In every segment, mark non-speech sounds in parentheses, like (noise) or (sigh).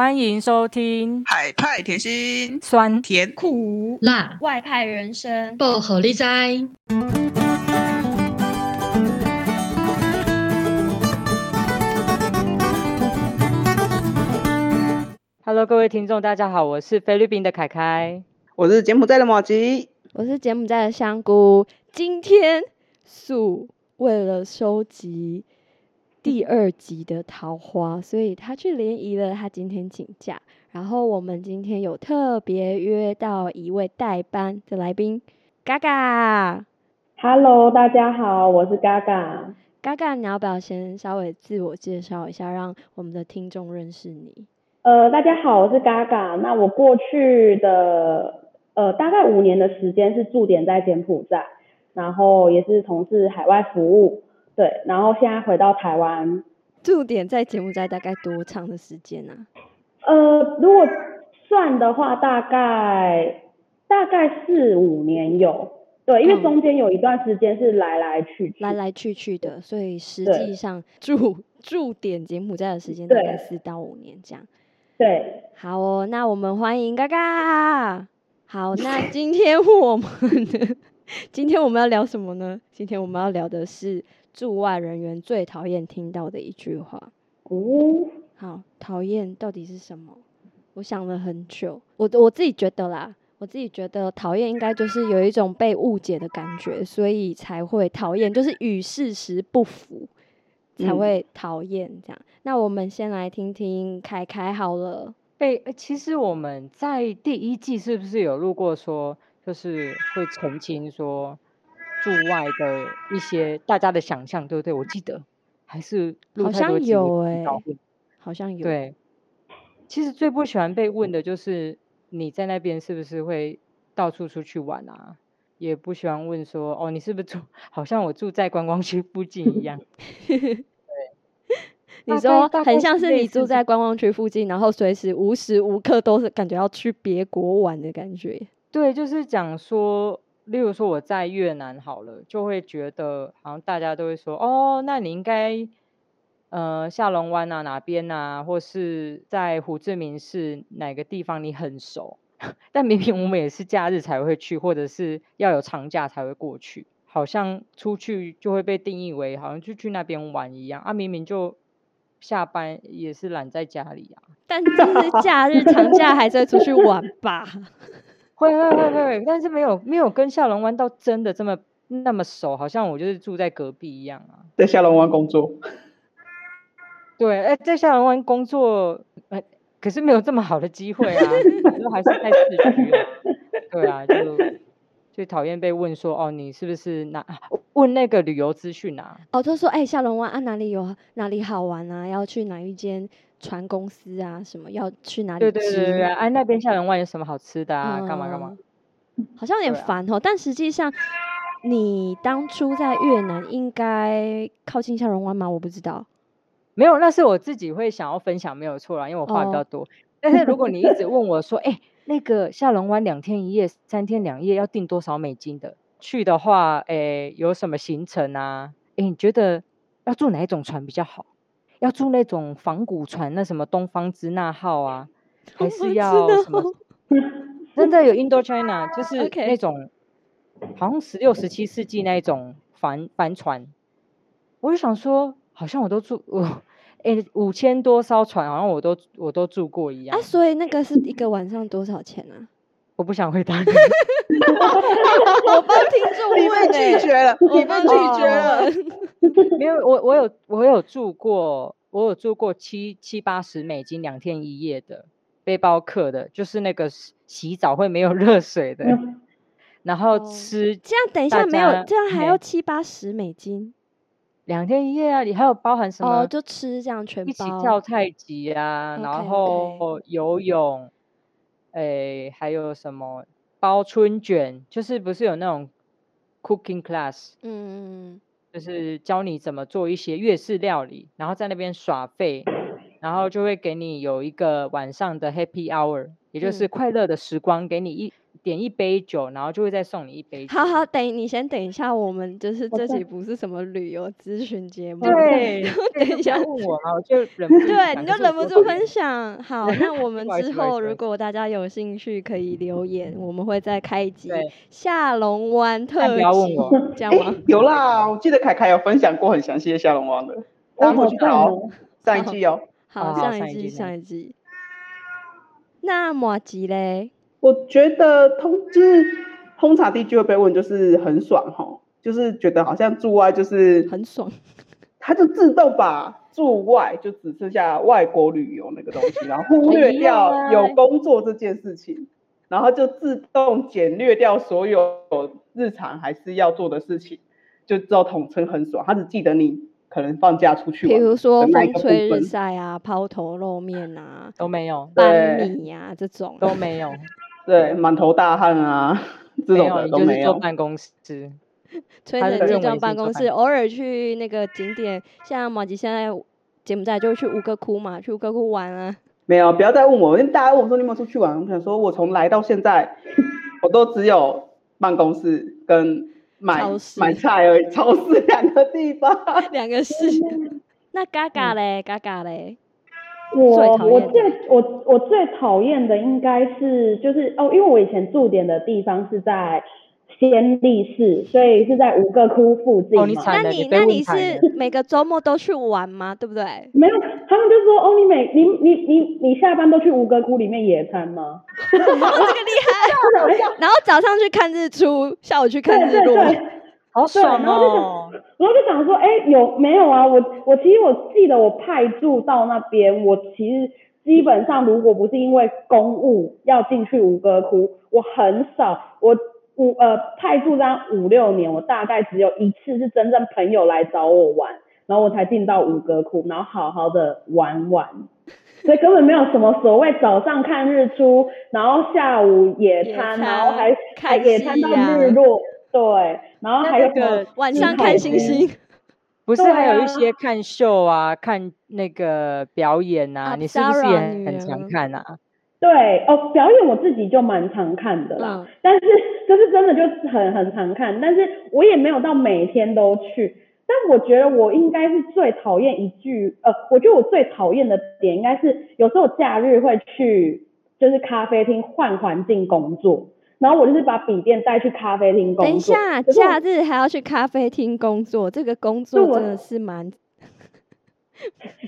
歡迎收聽《海派甜心》酸，酸甜苦辣外派人生，薄荷理的 Hello，各位聽眾，大家好，我是菲律賓的凱凱，我是柬埔寨的麻吉，我是柬埔寨的香菇。今天素為了收集。第二集的桃花，所以他去聯誼了。他今天請假，然後我們今天有特別約到一位代班的來賓——嘎嘎。嘎嘎 Hello，大家好，我是嘎嘎。嘎嘎，你要不要先稍微自我介紹一下，讓我們的聽眾認識你？呃，大家好，我是嘎嘎。那我過去的呃，大概五年的時間是駐點在柬埔寨，然後也是從事海外服務。對，然後現在回到台灣，駐點在柬埔寨大概多長的時間呢、啊？呃，如果算的話，大概大概四五年有。對，因為中間有一段時間是來來去來來去去的，嗯、所以實際上駐駐對點柬埔寨的時間大概四到五年這樣。對，對好哦，那我們歡迎嘎嘎。好，那今天我們 (laughs) (laughs) 今天我們要聊什麼呢？今天我們要聊的是。駐外人員最討厭聽到的一句話。哦，好，討厭到底是什麼？我想了很久，我我自己覺得啦，我自己覺得討厭應該就是有一種被誤解的感覺，所以才會討厭，就是與事實不符才會討厭這樣。那我們先來聽聽凱凱好了。被、欸、其實我們在第一季是不是有錄過說，就是會澄清說？駐外的一些大家的想象對不對？我記得還是好像有，哎、欸，好像有。對，其實最不喜歡被問的就是你在那邊是不是會到處出去玩啊？也不喜歡問說，哦，你是不是住？好像我住在觀光區附近一樣。對，你說很像是你住在觀光區附近，然後隨時無時無刻都是感覺要去別國玩的感覺。對，就是講說。例如說我在越南好了，就會覺得好像大家都會說，哦，那你應該呃下龍灣啊哪邊啊，或是在胡志明市哪個地方你很熟， (laughs) 但明明我們也是假日才會去，或者是要有長假才會過去，好像出去就會被定義為好像就去那邊玩一樣啊，明明就下班也是懶在家裡啊，但是假日長假還在出去玩吧？ (laughs) 會會會會，但是沒有沒有跟下龍灣到真的這麼那麼熟，好像我就是住在隔壁一樣啊，在下龍灣工作，對，哎，在下龍灣工作，哎，可是沒有這麼好的機會啊，都 (laughs) 還是在市區啊，對啊，就。最討厭被問說哦，你是不是哪問那個旅遊資訊啊？哦，他說哎，下龍灣啊，哪裡有哪裡好玩啊？要去哪一間船公司啊？什麼要去哪裡吃？對對對對對，哎、啊，那邊下龍灣有什麼好吃的啊？幹、嗯、嘛幹嘛？好像有點煩哦、喔。對啊、但實際上，你當初在越南應該靠近下龍灣嗎？我不知道。沒有，那是我自己會想要分享，沒有錯啦，因為我話比較多。哦、但是如果你一直問我說，哎、 (laughs) 欸。那個下龍灣兩天一夜、三天兩夜要訂多少美金的？去的話，哎、欸，有什麼行程啊？哎、欸，你覺得要住哪一種船比較好？要住那種仿古船，那什麼東方之那號啊，還是要什麼？真的有 Indochina，就是那種好像十六、十七世紀那種帆帆船。我就想說，好像我都住。哦欸、五千多艘船，好像我都我都住過一樣。啊，所以那個是一個晚上多少錢啊？我不想回答你。 (laughs) (laughs) (laughs) 我被聽眾，因為拒絕了 (laughs) 你被拒絕了，你被拒絕了。哦、 (laughs) 沒有，我我有我有住過，我有住過七七八十美金兩天一夜的背包客的，就是那個洗澡會沒有熱水的，嗯、然後吃這樣等一下沒有，家這樣還要七八十美金。欸兩天一夜啊，你還有包含什麼？哦，oh, 就吃這樣全包。一起跳太極啊，okay, 然後游泳，誒 okay.、欸，還有什麼包春捲？就是不是有那種 cooking class？嗯嗯嗯，hmm. 就是教你怎麼做一些粵式料理，然後在那邊耍廢，然後就會給你有一個晚上的 happy hour。也就是快樂的時光，給你一點一杯酒，然後就會再送你一杯。好好，等你先等一下，我們就是這集不是什麼旅遊諮詢節目。對，等一下我啊，就忍不住對，你就忍不住分享。好，那我們之後如果大家有興趣，可以留言，我們會再開一集《下龍灣特》。不要問我，這樣嗎？有啦，我記得凱凱有分享過很詳細的下龍灣的，我們去看。好，上一季哦。好，上一季，上一季。那麼急嘞？我覺得通知、就是，通常地 G 會被問，就是很爽哈，就是覺得好像住外就是很爽，他就自動把住外就只剩下外國旅遊那個東西，然後忽略掉有工作這件事情，啊、然後就自動簡略掉所有日常還是要做的事情，就知統稱很爽，他只記得你。可能放假出去，比如說風吹日曬啊，拋頭露面啊，都沒有，半米呀這種都沒有，對，滿頭大汗啊，這種的都沒有。就是坐辦公室，吹着電扇辦公室，偶爾去那個景點，像馬吉現在柬埔寨就去吳哥窟嘛，去吳哥窟玩啊。沒有，不要再問我，因為大家問我說你有沒有出去玩，我想說我從來到現在，我都只有辦公室跟買買菜而已，超市。兩個地方，兩 (laughs) 個市 是。 (laughs) 那嘎嘎嘞，嘎嘎嘞。我最我，我最我我最討厭的應該是就是哦，因為我以前駐點的地方是在暹粒市，所以是在吳哥窟附近，哦、你你那你那你是每個周末都去玩嗎？對不對？ (laughs) 沒有，他們就說哦，你每你你你你下班都去吳哥窟裡面野餐嗎？ (laughs) 哦、這麼、個、厲害！ (laughs) 然後早上去看日出，下午去看日落。好爽哦，對，然後就想，然後就想說，哎，有沒有啊？我我其實我記得我派駐到那邊，我其實基本上如果不是因為公務要進去吳哥窟，我很少，我五呃派駐這樣五六年，我大概只有一次是真正朋友來找我玩，然後我才進到吳哥窟，然後好好的玩玩， (laughs) 所以根本沒有什麼所謂早上看日出，然後下午野餐，野餐然後還、啊、還野餐到日落，對。然後還有星星個晚上看星星， (laughs) 不是還有一些看秀啊，啊看那個表演啊。啊你是不是也很常看啊？啊對哦、呃，表演我自己就蠻常看的啦。啊、但是就是真的就很很常看，但是我也沒有到每天都去。但我覺得我應該是最討厭一句呃，我覺得我最討厭的點應該是有時候假日會去就是咖啡廳換環境工作。然後我就是把筆電帶去咖啡廳工作。等一下，假日還要去咖啡廳工作，果這個工作真的是蠻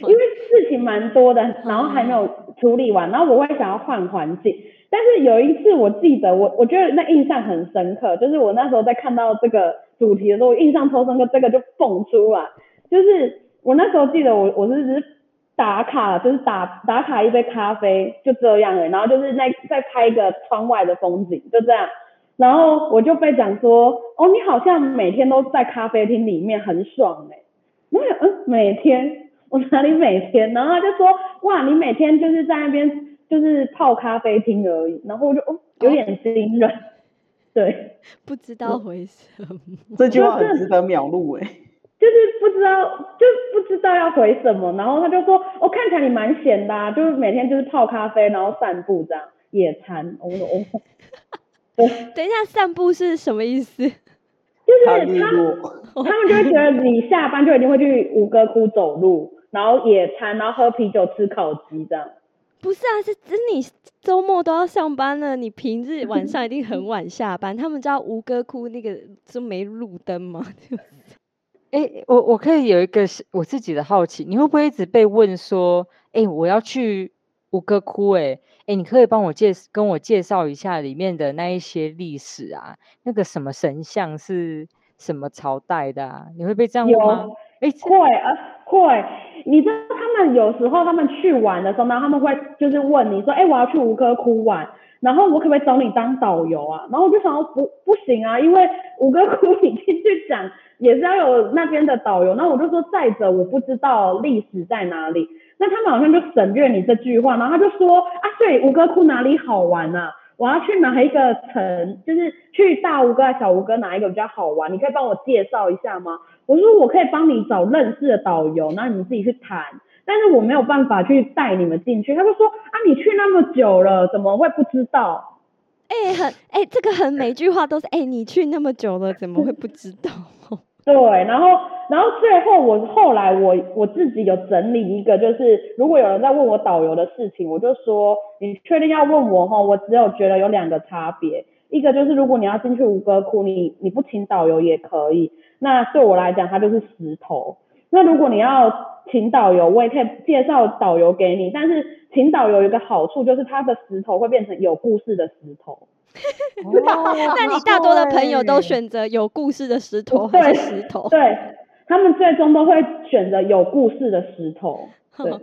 我…… (laughs) 因為事情蠻多的，然後還沒有處理完，嗯、然後我會想要換環境。但是有一次我記得，我我覺得那印象很深刻，就是我那時候在看到這個主題的時候，印象超深刻，這個就蹦出來就是我那時候記得我，我我是只。就是打卡就是打打卡，一杯咖啡就這樣哎、欸，然後就是那再拍一個窗外的風景就這樣，然後我就被講說，哦，你好像每天都在咖啡廳裡面很爽哎、欸，沒有嗯，每天我哪裡每天，然後他就說，哇，你每天就是在那邊就是泡咖啡廳而已，然後我就哦，有點心軟，哦、對，不知道為什麼這句話很值得秒錄。就是不知道，就不知道要回什麼，然後他就說：“哦，看起來你蠻閒的啊，就是每天就是泡咖啡，然後散步這樣，野餐。哦”我、哦、說等一下，散步是什麼意思？就是他他們就會覺得你下班就一定會去吳哥窟走路， (laughs) 然後野餐，然後喝啤酒，吃烤雞這樣。不是啊，是是你周末都要上班了，你平日晚上一定很晚下班。 (laughs) 他們知道吳哥窟那個就沒路燈嗎？ (laughs) 哎、欸，我我可以有一個是我自己的好奇，你會不會一直被問說，哎、欸，我要去吳哥窟、欸，哎，哎，你可以幫我介跟我介紹一下裡面的那一些歷史啊，那個什麼神像是什麼朝代的啊？你會被這樣問嗎？哎有，欸、會啊、呃，會，你知道他們有時候他們去玩的時候呢，他們會就是問你說，哎、欸，我要去吳哥窟玩。然後我可不可以找你當導遊啊？然後我就想說不，不不行啊，因為吳哥窟裡面去講也是要有那邊的導遊。那我就說再者我不知道歷史在哪裡，那他們好像就省略你這句話，然後他就說啊，對，吳哥窟哪裡好玩啊？我要去哪一個城，就是去大吳哥還是小吳哥哪一個比較好玩？你可以幫我介紹一下嗎？我說我可以幫你找認識的導遊，那你自己去談。但是我沒有辦法去帶你們進去，他就說啊，你、欸欸這個欸，你去那麼久了，怎麼會不知道？哎，很，哎，這個很每句話都是哎，你去那麼久了，怎麼會不知道？對，然後然後最後我後來我我自己有整理一個，就是如果有人在問我導遊的事情，我就說你確定要問我哈？我只有覺得有兩個差別，一個就是如果你要進去吳哥窟，你你不請導遊也可以，那對我來講它就是石頭。那如果你要請導遊，我也可以介紹導遊給你。但是請導遊有一個好處，就是他的石頭會變成有故事的石頭。哦、 (laughs) 那你大多的朋友都選擇有故事的石頭，石頭對？對，石頭。對他們最終都會選擇有故事的石頭。對呵呵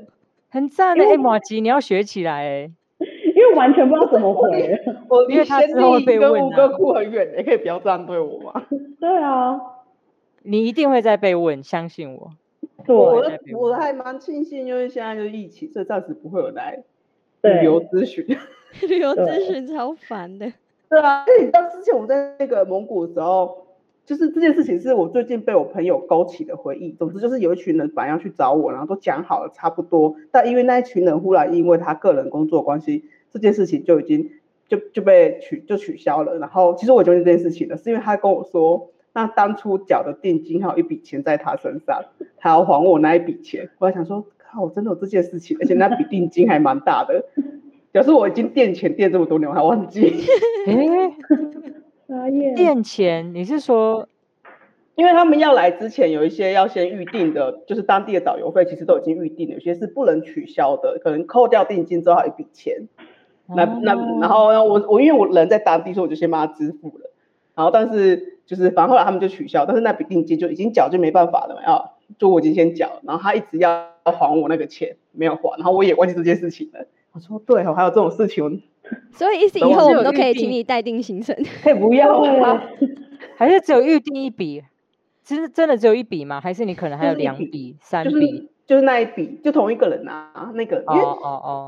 很讚的、欸。馬為、欸、吉，你要學起來、欸。因為完全不知道怎麼回事。 (laughs) 我因為他第一個吳哥窟很遠的，你可以不要這樣對我嗎？ (laughs) 對啊，你一定會再被問，相信我。我我還蠻慶幸，因為現在就是疫情，所以暫時不會有來旅遊對諮詢。旅遊對諮詢超煩的。對啊，而你知道，之前我在那個蒙古的時候，就是這件事情是我最近被我朋友勾起的回憶。總之就是有一群人本來要去找我，然後都講好了差不多，但因為那一群人忽然因為他個人工作關係，這件事情就已經就就被取就取消了。然後其實我糾結這件事情的是因為他跟我說。那當初繳的定金還有一筆錢在他身上，他要還我那一筆錢。我還想說，靠，我真的有這件事情，而且那筆定金還蠻大的， (laughs) 表示我已經墊錢墊這麼多年，我還忘記。哎，墊錢？你是說，因為他們要來之前有一些要先預定的，就是當地的導遊費，其實都已經預定了，有些是不能取消的，可能扣掉定金之後還有一筆錢。那、oh. 那然後我我因為我人在當地，所以我就先幫他支付了。然後但是。就是，反正後來他們就取消，但是那筆定金就已經繳，就沒辦法了啊、哦！就我已經先繳，然後他一直要還我那個錢，沒有還，然後我也忘記這件事情了。我說對、哦，還有這種事情，所以意思後以後我們都可以定請你代訂行程。可不要了、啊， (laughs) 還是只有預定一筆？其實真的只有一筆嗎？還是你可能還有兩筆、筆三筆、就是？就是那一筆，就同一個人啊，那個，因為哦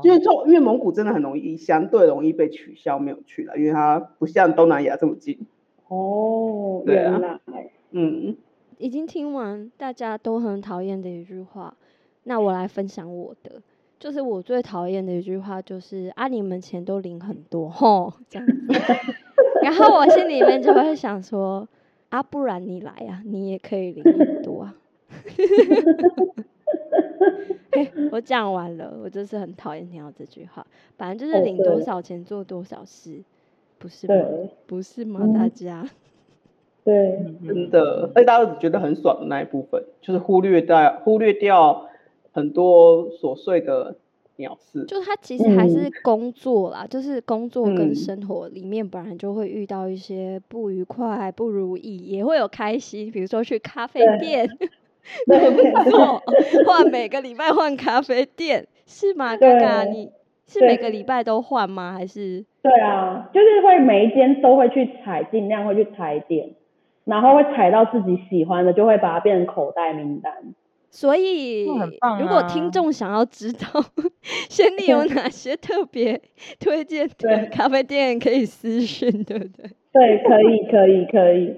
哦因為因為蒙古真的很容易，相對容易被取消，沒有去了，因為它不像東南亞這麼近。哦，oh, 對啊，原來，嗯，已經聽完，大家都很討厭的一句話。那我來分享我的，就是我最討厭的一句話，就是啊你們錢都領很多吼，這樣子。 (laughs) 然後我心裡面就會想說，啊不然你來啊，你也可以領很多啊。 (laughs) 嘿我講完了，我就是很討厭聽到這句話。反正就是領多少錢做多少事。Oh, okay. 不是嗎？對不是嗎？嗯、大家，對， (laughs) 真的，而且大家都覺得很爽的那一部分，就是忽略掉忽略掉很多瑣碎的鳥事。就是他其實還是工作啦，嗯、就是工作跟生活裡面本來就會遇到一些不愉快，不如意，也會有開心，比如說去咖啡店，很不錯，或每個禮拜換咖啡店，是嗎？哥哥對， (laughs) 你。是每個禮拜都換嗎？對還是對啊，就是會每一間都會去踩，盡量會去踩點，然後會踩到自己喜歡的，就會把它變成口袋名單。所以，啊、如果聽眾想要知道對 (laughs) 先例有哪些特別推薦的咖啡店，可以私訊，對不對？對，可以，可以，可以。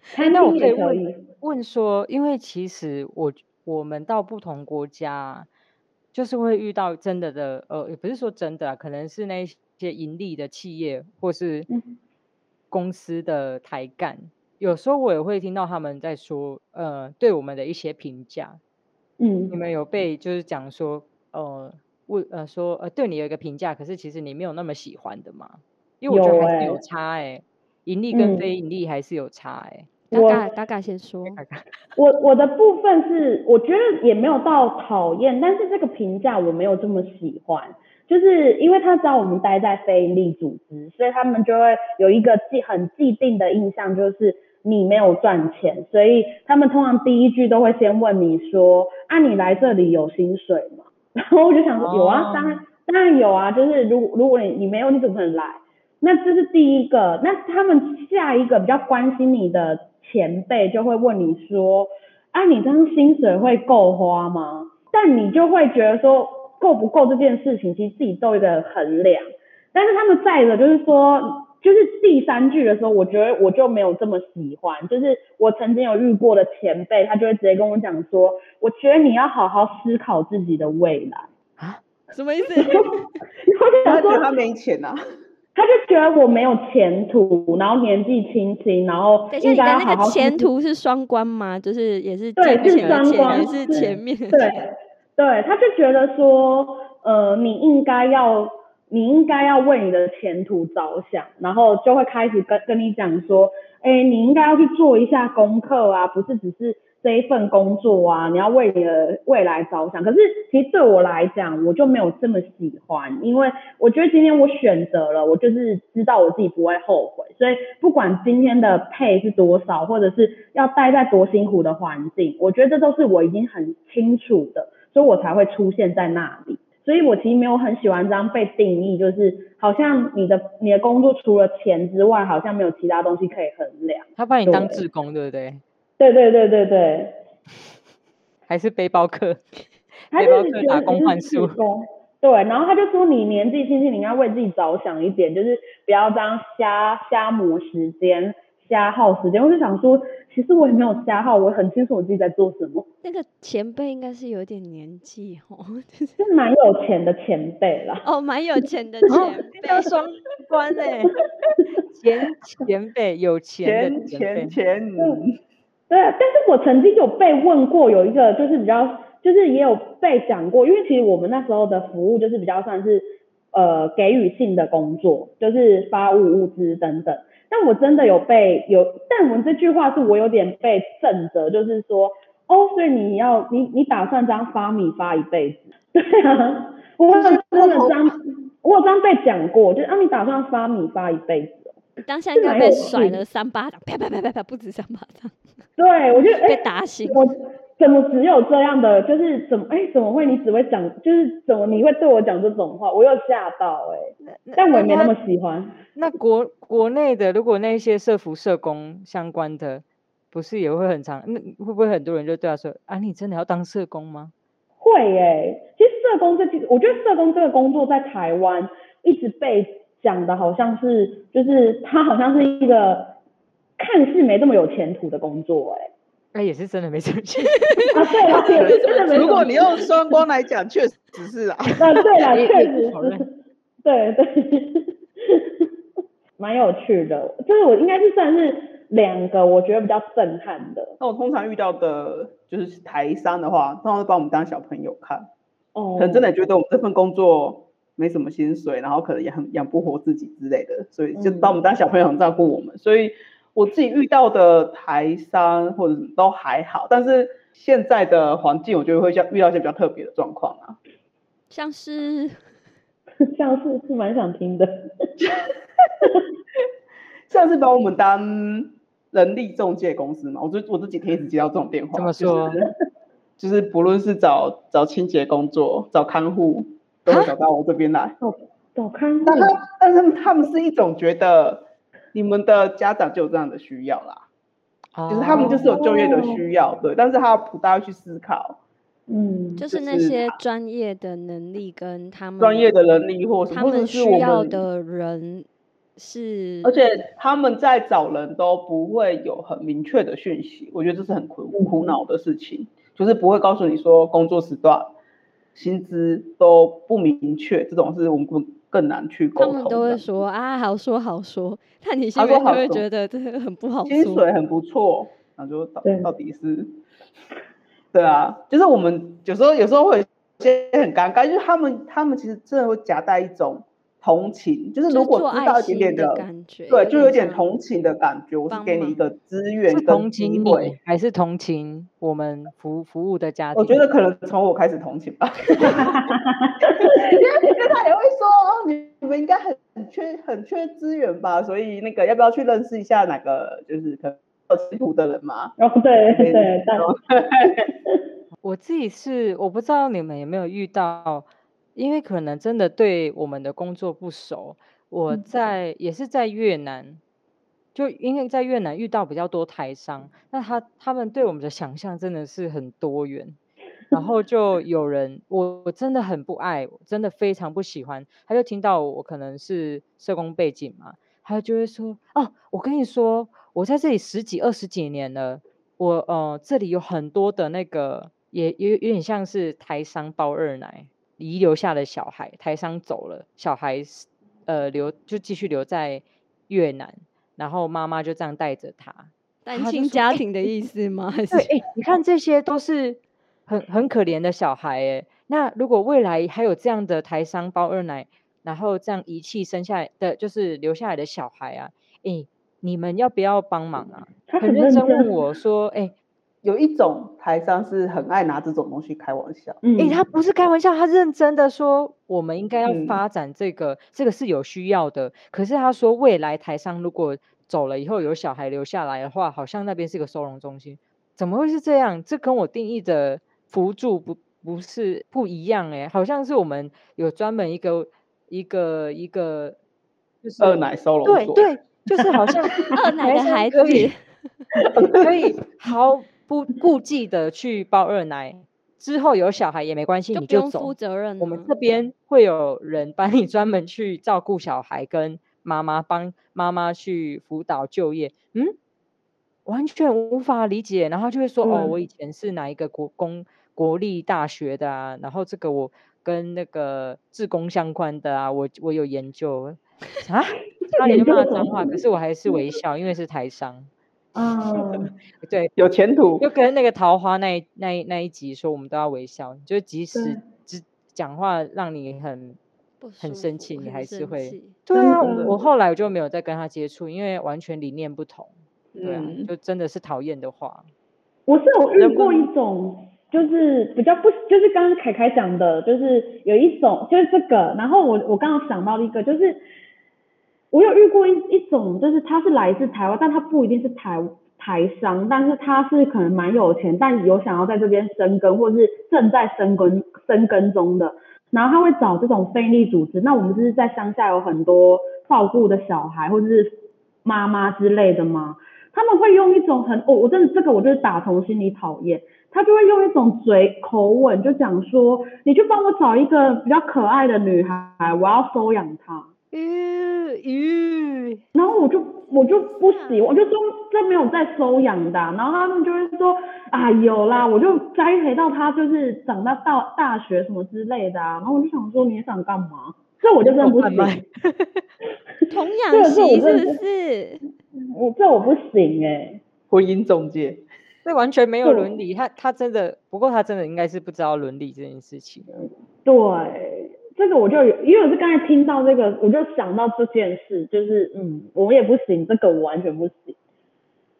(laughs) 可以那我可以問，問說，因為其實我我們到不同國家。就是會遇到真的的，呃，也不是說真的啊，可能是那些盈利的企業或是公司的台幹。嗯、有時候我也會聽到他們在說，呃，對我們的一些評價。嗯，你們有，有被就是講說，呃，問呃說呃對你有一個評價，可是其實你沒有那麼喜歡的嘛？因為我覺得還是有差哎、欸，欸、盈利跟非盈利還是有差哎、欸。嗯我大概，大概先說，我我的部分是，我覺得也沒有到討厭，但是這個評價我沒有這麼喜歡，就是因為他知道我們待在非營利組織，所以他們就會有一個既很既定的印象，就是你沒有賺錢，所以他們通常第一句都會先問你說，啊，你來這裡有薪水嗎？然後我就想說，有啊，當然、oh. 當然有啊，就是如如果你你沒有，你怎麼可能來？那這是第一個，那他們下一個比較關心你的。前輩就會問你說，啊，你這樣薪水會夠花嗎？但你就會覺得說，夠不夠這件事情，其實自己做一個衡量。但是他們再者，就是說，就是第三句的時候，我覺得我就沒有這麼喜歡。就是我曾經有遇過的前輩，他就會直接跟我講說，我覺得你要好好思考自己的未來啊，什麼意思？他 (laughs) 覺得他沒錢吶、啊。他就覺得我沒有前途，然後年紀輕輕，然後應該要好好前途。那個前途是雙關嗎？就是也是前前對，前前是雙關是前面前。對對，他就覺得說，呃，你應該要，你應該要為你的前途着想，然後就會開始跟跟你講說，哎、欸，你應該要去做一下功課啊，不是只是。這一份工作啊，你要為你的未來着想。可是其實對我來講，我就沒有這麼喜歡，因為我覺得今天我選擇了，我就是知道我自己不會後悔。所以不管今天的 pay 是多少，或者是要待在多辛苦的環境，我覺得這都是我已經很清楚的，所以我才會出現在那裡。所以我其實沒有很喜歡這樣被定義，就是好像你的你的工作除了錢之外，好像沒有其他東西可以衡量。他把你當志工，對不對？對對對對對對，還是背包客，背包客打工換書工，對。然後他就說：“你年紀輕輕，你應該為自己着想一點，就是不要這樣瞎瞎磨時間，瞎耗時間。時間時間。”我就想說，其實我也沒有瞎耗，我很清楚我自己在做什麼。那個前輩應該是有點年紀哦，就是蠻 (laughs) 有錢的前輩啦。哦，蠻有錢的前輩，雙關哎，欸、 (laughs) 前前輩有錢的前對、啊，但是我曾經有被問過，有一個就是比較，就是也有被講過，因為其實我們那時候的服務就是比較算是呃給予性的工作，就是發物物資等等。但我真的有被有，但我們這句話是我有點被震到，就是說哦，所以你要你你打算這樣發米發一輩子？對啊，我真的真的這我有這樣被講過，就是那、啊、你打算發米發一輩子？當下應該被甩了三巴掌，啪啪啪啪啪，不止三巴掌。對，我覺得被打醒、欸。我怎麼只有這樣的？就是怎麼哎、欸，怎麼會你只會講？就是怎麼你會對我講這種話？我又嚇到哎、欸！但我也沒那麼喜歡。那，那國國內的，如果那些社服社工相關的，不是也會很常？那會不會很多人就對他說：啊，你真的要當社工嗎？會哎、欸，其實社工這，我覺得社工這個工作在台灣一直被講的好像是，就是他好像是一個。看似沒這麼有前途的工作，欸，哎、啊，那也是真的沒前景啊！對了 (laughs) 實如果你用雙光來講， (laughs) 確實是啊。啊，對了，也確實是，對對，對 (laughs) 蠻有趣的。就是我應該是算是兩個我覺得比較震撼的，那我通常遇到的就是台商的話，通常會把我們當小朋友看，哦，可能真的覺得我們這份工作沒什麼薪水，然後可能養養不活自己之類的，所以就把我們當小朋友很照顧我們，嗯、所以。我自己遇到的台商或者都還好，但是現在的環境，我覺得會像遇到一些比較特別的狀況啊，像是， (laughs) 像是是蠻想聽的， (laughs) 像是把我們當人力中介公司嘛？我這我這幾天一直接到這種電話，說、啊就是，就是不論是找找清潔工作、找看護，都會找到我這邊來。找找看護，但是他們是一種覺得。你們的家長就有這樣的需要啦，oh, 其實他們就是有就業的需要，對，oh. 但是他不大會去思考，嗯，就是那些專業的能力跟他們、就是啊、專業的能力或他們需要的人是，而且他們在找人都不會有很明確的訊息，是我覺得這是很苦苦惱的事情，就是不會告訴你說工作時段、薪資都不明確，這種是我們不。更難去溝通，他們都會說啊，好說好說，但你心裡就會，會覺得這很不好。薪水很不錯，那就到到底是，對，對啊，就是我們有時候有時候會先很尷尬，就是他們他們其實真的會夾帶一種同情，就是如果知道一點點的，的感覺，對，就有點同情的感覺。我是給你一個資源，是同情你還是同情我們服服務的家庭？我覺得可能從我開始同情吧。 (laughs) (laughs) 缺很缺資源吧，所以那個要不要去認識一下哪個就是可能有前途的人嘛？然後對、oh, 對，大龍， (laughs) 對 (laughs) 我自己是我不知道你們有沒有遇到，因為可能真的對我們的工作不熟。我在 (laughs) 也是在越南，就因為在越南遇到比較多台商，那他他們對我們的想象真的是很多元。 (laughs) 然後就有人，我我真的很不愛，我真的非常不喜歡。他就聽到我，我可能是社工背景嘛，他就會說：“哦、啊，我跟你說，我在這裡十幾二十幾年了，我呃，這裡有很多的那個，也也有，有點像是台商包二奶遺留下的小孩，台商走了，小孩呃留就繼續留在越南，然後媽媽就這樣帶着他，單親家庭的意思嗎？是、 (laughs) 欸。你看這些都是。”很很可憐的小孩誒、欸。那如果未來還有這樣的台商包二奶，然後這樣遺棄生下來的就是留下來的小孩啊，誒、欸，你們要不要幫忙啊？他很認真問我說，誒、欸，欸、有一種台商是很愛拿這種東西開玩笑，誒、嗯、欸，他不是開玩笑，他認真的說，我們應該要發展這個，嗯、這個是有需要的。可是他說，未來台商如果走了以後有小孩留下來的話，好像那邊是個收容中心，怎麼會是這樣？這跟我定義的。輔助不不是不一樣哎、欸，好像是我們有專門一個一個一個就是二奶收容所，對對，就是好像 (laughs) 二奶的孩子可以 (laughs) 可以毫不顧忌的去包二奶，之後有小孩也沒關係，你就不用負責任。我們這邊會有人幫你專門去照顧小孩跟媽媽，幫媽媽去輔導就業，嗯，完全無法理解。然後就會說、嗯、哦，我以前是哪一個國公。國立大學的啊，然後這個我跟那個志工相關的啊，我我有研究啊，差點就罵髒話，可是我還是微笑，因為是台商，嗯，對，有前途。就跟那個桃花那那那一集說，我們都要微笑，就即使只講話讓你很很生氣，你還是會。對啊，我後來我就沒有再跟他接觸，因為完全理念不同，對啊，就真的是討厭的話。我是有遇過一種。就是比較不，就是剛剛凱凱講的，就是有一種就是這個，然後我我剛剛想到一個，就是我有遇過一一種，就是他是來自台灣，但他不一定是台台商，但是他是可能蠻有錢，但有想要在這邊生根或是正在生根生根中的，然後他會找這種非營利組織，那我們就是在鄉下有很多照顧的小孩或者是媽媽之類的嘛。他們會用一種很，我、哦、我真的這個我就是打從心裡討厭。他就會用一種嘴口吻，就講說，你就幫我找一個比較可愛的女孩，我要收養她。嗯嗯、然後我就我就不行，我就說這沒有在收養的、啊。然後他們就會說，啊有啦，我就栽培到她就是長大到大、大學什麼之類的、啊、然後我就想說，你也想幹嘛？這我就真的不行。Okay. (laughs) 童養媳，這是的這我這我不行哎、欸。婚姻總結這完全沒有倫理，對他他真的，不過他真的應該是不知道倫理這件事情。對，這個我就有，因為我是剛才聽到那個，我就想到這件事，就是嗯，我也不行，這個我完全不行。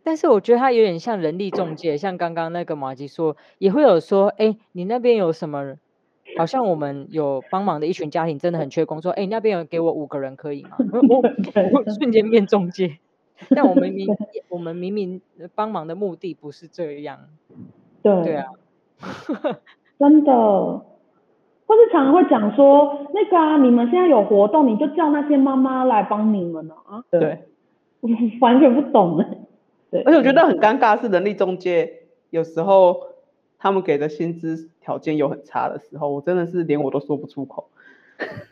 但是我覺得他有點像人力中介， (coughs) 像剛剛那個馬吉說，也會有說，哎，你那邊有什麼人？好像我們有幫忙的一群家庭真的很缺工作，哎，你那邊有給我五個人可以嗎？ (coughs) 我，我，我， (coughs) 我，我瞬間變中介。但我們明，明 (laughs) 對我們明明幫忙的目的不是這樣，對對啊， (laughs) 真的，或是常常會講說那個啊，你們現在有活動，你就叫那些媽媽來幫你們呢，喔、啊，對，對我完全不懂嘞，對，而且我覺得很尷尬，是人力中介有時候他們給的薪資條件又很差的時候，我真的是連我都說不出口。 (laughs)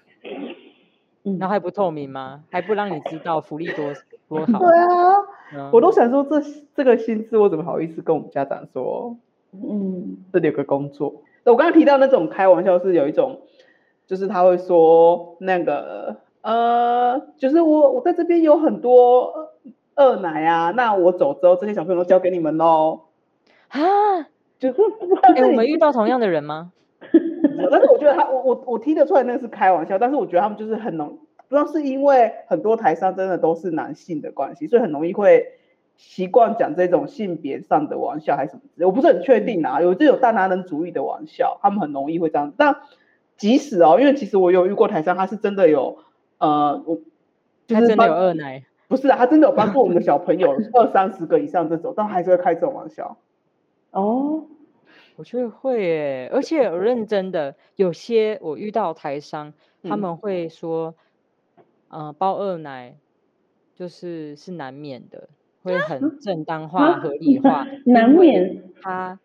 然後、嗯、還不透明嗎？還不讓你知道福利多多好。對啊，嗯、我都想說這這個薪資我怎麼好意思跟我們家長說？嗯，這裡有個工作，我剛剛提到那種開玩笑是有一種，就是他會說那個呃，就是我我在這邊有很多二奶啊，那我走之後這些小朋友都交給你們嘍。啊哈，就是哎、欸，我們遇到同樣的人嗎？ (laughs) (laughs) 但是我覺得他，我我我聽得出來，那是開玩笑。但是我覺得他們就是很容，不知道是因為很多台商真的都是男性的關係，所以很容易會習慣講這種性別上的玩笑，還是什麼？我不是很確定啊。有這種大男人主義的玩笑，他們很容易會這樣。但即使哦，因為其實我有遇過台商，他是真的有，呃，我、就是、他真的有二奶，不是啊，他真的有幫助我們的小朋友二三十個以上這種，但還是會開這種玩笑。哦。我覺得會誒，而且我認真的，有些我遇到台商，他們會說，呃，包二奶，就是是難免的，會很正當化、合理化，難免。他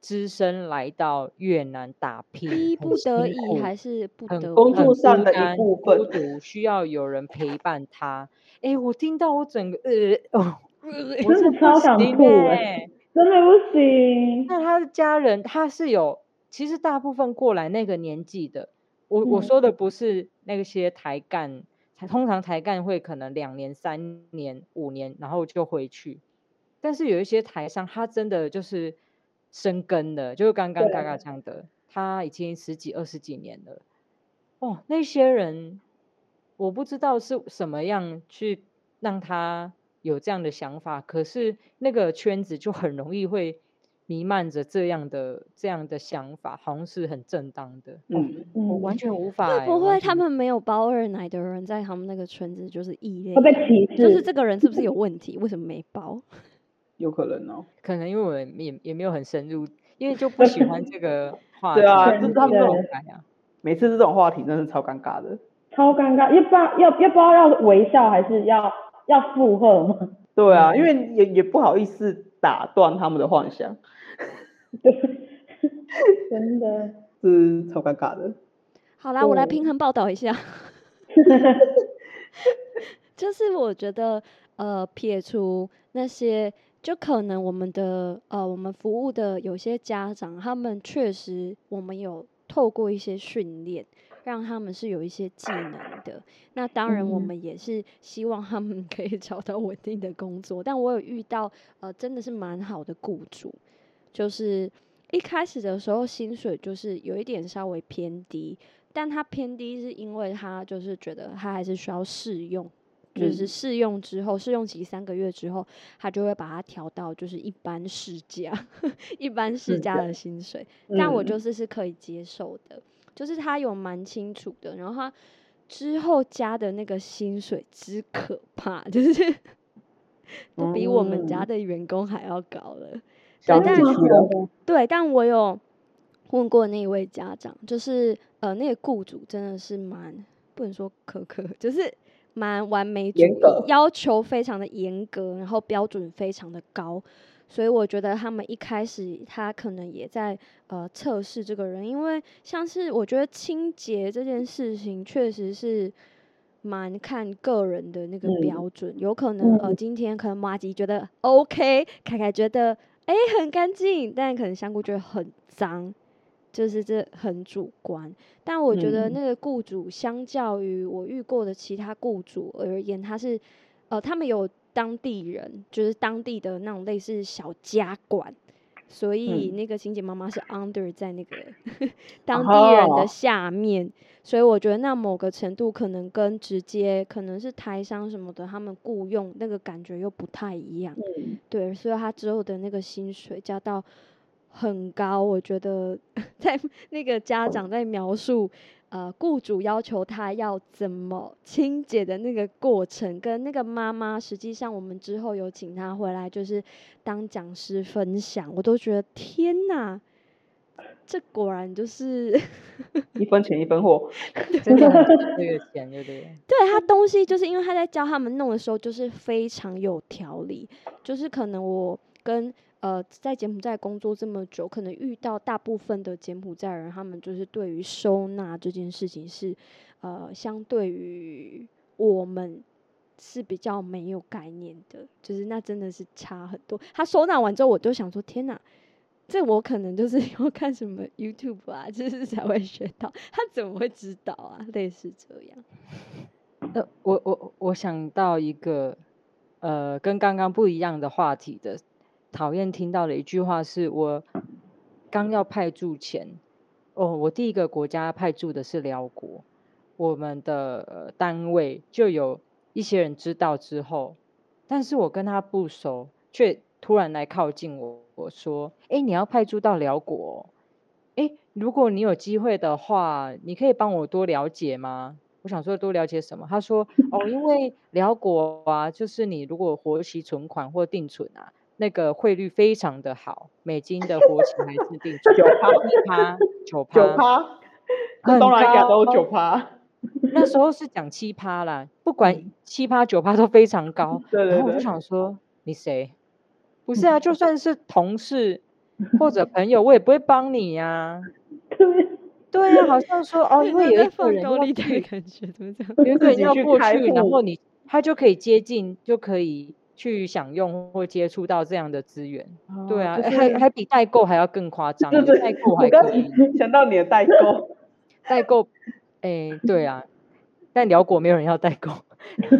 只身來到越南打拼，逼不得已還是不得已工作上的一部分，孤獨需要有人陪伴他。哎，我聽到我整個，呃，哦，我真的超想吐。真的不行。那他的家人，他是有，其實大部分過來那個年紀的，嗯、我我說的不是那些台幹，通常台幹會可能兩年、三年、五年，然後就回去。但是有一些台商，他真的就是生根了，就是剛剛嘎嘎講的，對他已經十幾、二十幾年了。哦，那些人，我不知道是什麼樣去讓他。有這樣的想法，可是那個圈子就很容易會彌漫着這樣的這樣的想法，好像是很正當的。嗯，我、嗯哦、完全無法。會不會他們沒有包二奶的人，在他們那個圈子就是異、e、類、嗯，會被歧視？就是這個人是不是有問題？為什麼沒包？有可能哦，可能因為我們也也沒有很深入，因為就不喜歡這個話題。 (laughs) 對啊，這是他們的呀。對對每次這種話題真的是超尷尬的，超尷尬，要不要要不要微笑還是要？要附和嗎？對啊，對，因為也也不好意思打斷他們的幻想， (laughs) 對真的是超尷尬的。好啦，對我來平衡報道一下， (laughs) 就是我覺得呃撇除那些，就可能我們的呃我們服務的有些家長，他們確實我們有透過一些訓練。讓他們是有一些技能的，那當然我們也是希望他們可以找到穩定的工作。但我有遇到呃，真的是蠻好的雇主，就是一開始的時候薪水就是有一點稍微偏低，但他偏低是因為他就是覺得他還是需要試用，就是試用之後，試用期三個月之後，他就會把它調到就是一般市價， (laughs) 一般市價的薪水，但我就是是可以接受的。就是他有蠻清楚的，然後他之後加的那個薪水之可怕，就是都 (laughs) 比我們家的員工還要高了。講清楚。對，但我有問過那一位家長，就是呃，那個雇主真的是蠻不能說苛刻，就是蠻完美主義，格要求非常的嚴格，然後標準非常的高。所以我覺得他們一開始他可能也在呃測試這個人，因為像是我覺得清潔這件事情確實是蠻看個人的那個標準，嗯、有可能、嗯、呃今天可能馬吉覺得 OK，凱凱覺得哎、欸、很乾淨，但可能香菇覺得很髒，就是這很主觀。但我覺得那個雇主相較於我遇過的其他雇主而言，他是呃他們有。當地人就是當地的那種類似小家館，所以那個清潔媽媽是 under 在那個、嗯、當地人的下面，所以我覺得那某個程度可能跟直接可能是台商什麼的他們雇傭那個感覺又不太一樣，嗯、對，所以他之後的那個薪水加到很高，我覺得在那個家長在描述。呃，僱主要求他要怎麼清潔的那個過程，跟那個媽媽，實際上我們之後有請他回來，就是當講師分享，我都覺得天哪，這果然就是一分錢一分貨，真的 (laughs) 對，這個錢對，對他東西，就是因為他在教他們弄的時候，就是非常有條理，就是可能我跟。呃，在柬埔寨工作這麼久，可能遇到大部分的柬埔寨人，他們就是對於收納這件事情是，呃，相對於我們是比較沒有概念的，就是那真的是差很多。他收納完之後，我就想說：天哪，啊，這我可能就是要看什麼 YouTube 啊，就是才會學到。他怎麼會知道啊？類似這樣。呃，我我我想到一個呃，跟剛剛不一樣的話題的。討厭聽到的一句話，是我剛要派駐前。哦，我第一個國家派駐的是寮國，我們的單位就有一些人知道之後，但是我跟他不熟，卻突然來靠近我。我說，哎，你要派駐到寮國，哎，如果你有機會的話，你可以幫我多了解嗎？我想說多了解什麼？他說，哦，因為寮國啊，就是你如果活期存款或定存啊。.那個匯率非常的好，美金的活期還是定九趴、一趴、九趴、九趴，東南亞都九趴。那時候是講七趴啦，不管七趴、九趴都非常高。對對對，然後我就想說，你誰？不是啊，就算是同事或者朋友，我也不會幫你呀、啊。對。啊，好像說哦， (laughs) 因為有一份高利貸的感覺，因為你要過去，然後你他就可以接近，就可以。去享用或接觸到這樣的資源。哦、對啊，欸、還還比代購還要更誇張、欸。對對對，代購還，可以。我剛想到你的代購，代購，哎、欸，對啊，但寮國沒有人要代購。 (laughs) (laughs) 這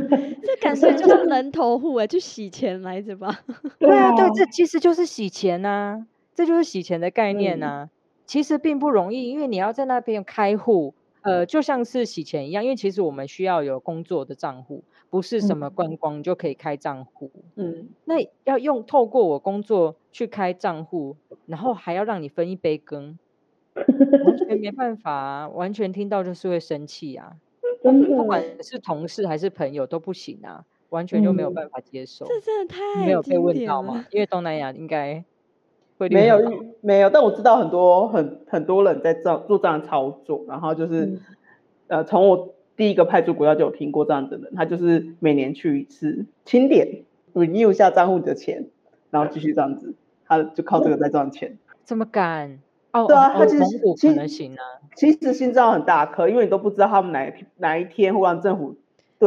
感覺就是人頭戶啊，就洗錢來着吧？對啊，對，這其實就是洗錢吶、啊，這就是洗錢的概念吶、啊。嗯、其實並不容易，因為你要在那邊開戶，呃，就像是洗錢一樣，因為其實我們需要有工作的賬戶。不是什麼觀光就可以開賬戶，嗯，那要用透過我工作去開賬戶，然後還要讓你分一杯羹，完全沒辦法啊， (laughs) 完全聽到就是會生氣啊，不管是同事還是朋友都不行啊，完全就沒有辦法接受，這真的太沒有被問到嗎？了因為東南亞應該會沒有沒有，但我知道很多很很多人在做做這樣操作，然後就是、嗯、呃從我，第一個派駐國家就有聽過這樣子的，他就是每年去一次清點，renew 一下賬戶的錢，然後繼續這樣子，他就靠這個在賺錢。怎麼敢？哦、oh，對啊，他其實 oh, oh, oh, 其實、啊、其實心臟很大顆，因為你都不知道他們哪哪一天會讓政府。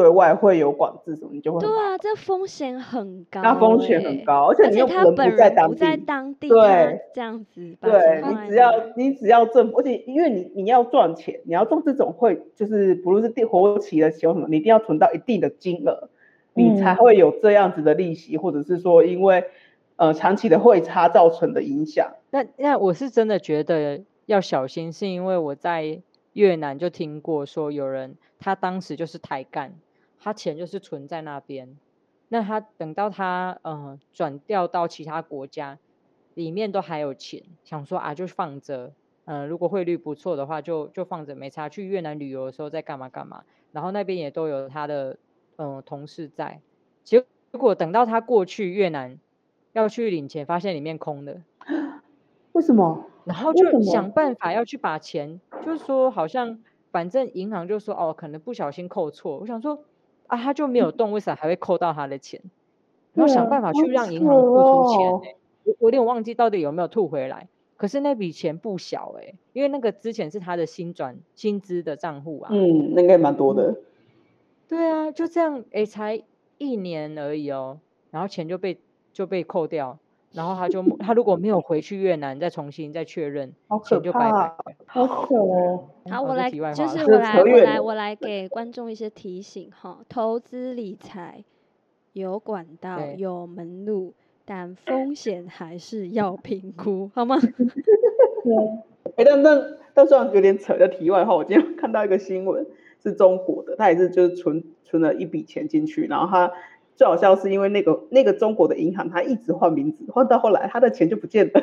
對外會有管制，什麼你就會對啊，這風險很高，欸，那風險很高，而且你又不不在當地，且他本人不在當地，對這樣子，對你只要你只要掙，而且因為你你要賺錢，你要做這種會，就是不論是活期的，喜歡什麼，你一定要存到一定的金額，嗯、你才會有這樣子的利息，或者是說，因為呃長期的匯差造成的影響。那那我是真的覺得要小心，是因為我在越南就聽過說有人他當時就是台幹。他錢就是存在那邊，那他等到他嗯轉調到其他國家，裡面都還有錢，想說啊就是放着，嗯、呃、如果匯率不錯的話就就放着沒差。去越南旅遊的時候再幹嘛幹嘛，然後那邊也都有他的嗯、呃、同事在，結結果等到他過去越南要去領錢，發現裡面空的，為什麼？然後就想辦法要去把錢，就是說好像反正銀行就說哦可能不小心扣錯，我想說。啊，他就沒有動，為啥還會扣到他的錢？嗯、然後想辦法去讓銀行吐出錢、欸，啊哦、我有點忘記到底有沒有吐回來。可是那筆錢不小哎、欸，因為那個之前是他的薪轉薪資的賬戶啊，嗯，那應該蠻多的、嗯。對啊，就這樣哎、欸，才一年而已哦、喔，然後錢就被就被扣掉。 (laughs) 然後他就他如果沒有回去越南，再重新再確認，好可怕，就拜拜，好可怕。好，好我來，就是我來， (laughs) 我來，我來給觀眾一些提醒哈。投資理財有管道對有門路，但風險還是要評估，好嗎？對。哎，但但但雖然有點扯，叫題外話。我今天看到一個新聞，是中國的，他也是就是存存了一筆錢進去，然後他。最好笑的是因為那個那個中國的銀行，它一直換名字，換到後來，它的錢就不見了。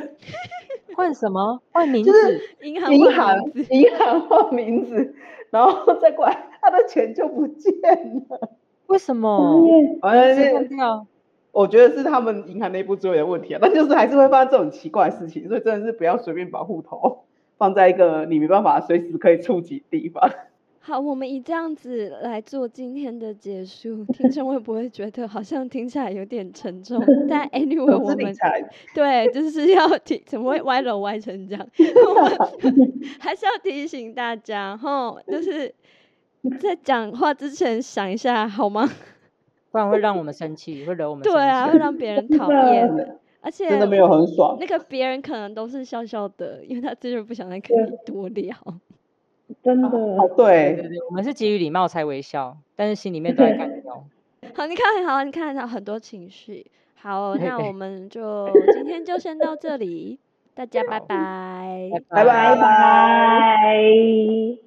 換 (laughs) 什麼？換名字？就是銀行，銀行，銀行換名字，然後再過來，它的錢就不見了。為什麼？這樣、嗯。我覺得是他們銀行內部最後的問題啊，但就是還是會發生這種奇怪的事情，所以真的是不要隨便把戶頭放在一個你沒辦法隨時可以觸及的地方。好，我們以這樣子來做今天的結束。聽眾會不會覺得好像聽起來有點沉重？ (laughs) 但 anyway，我們對，就是要提，怎麼會歪樓歪成這樣？ (laughs) 我們還是要提醒大家，吼，就是在講話之前想一下好嗎？不然會讓我們生氣，會惹我們生氣，對啊，會讓別人討厭， (laughs) 而且真的沒有很爽。那個別人可能都是笑笑的，因為他真的不想再跟你多聊。真的，對，我們是基於禮貌才微笑，但是心裡面都在感覺到。 (laughs) 好，你看，很好，你看得到很多情緒。好，那我們就 (laughs) 今天就先到這裡，大家拜拜，拜拜好拜拜。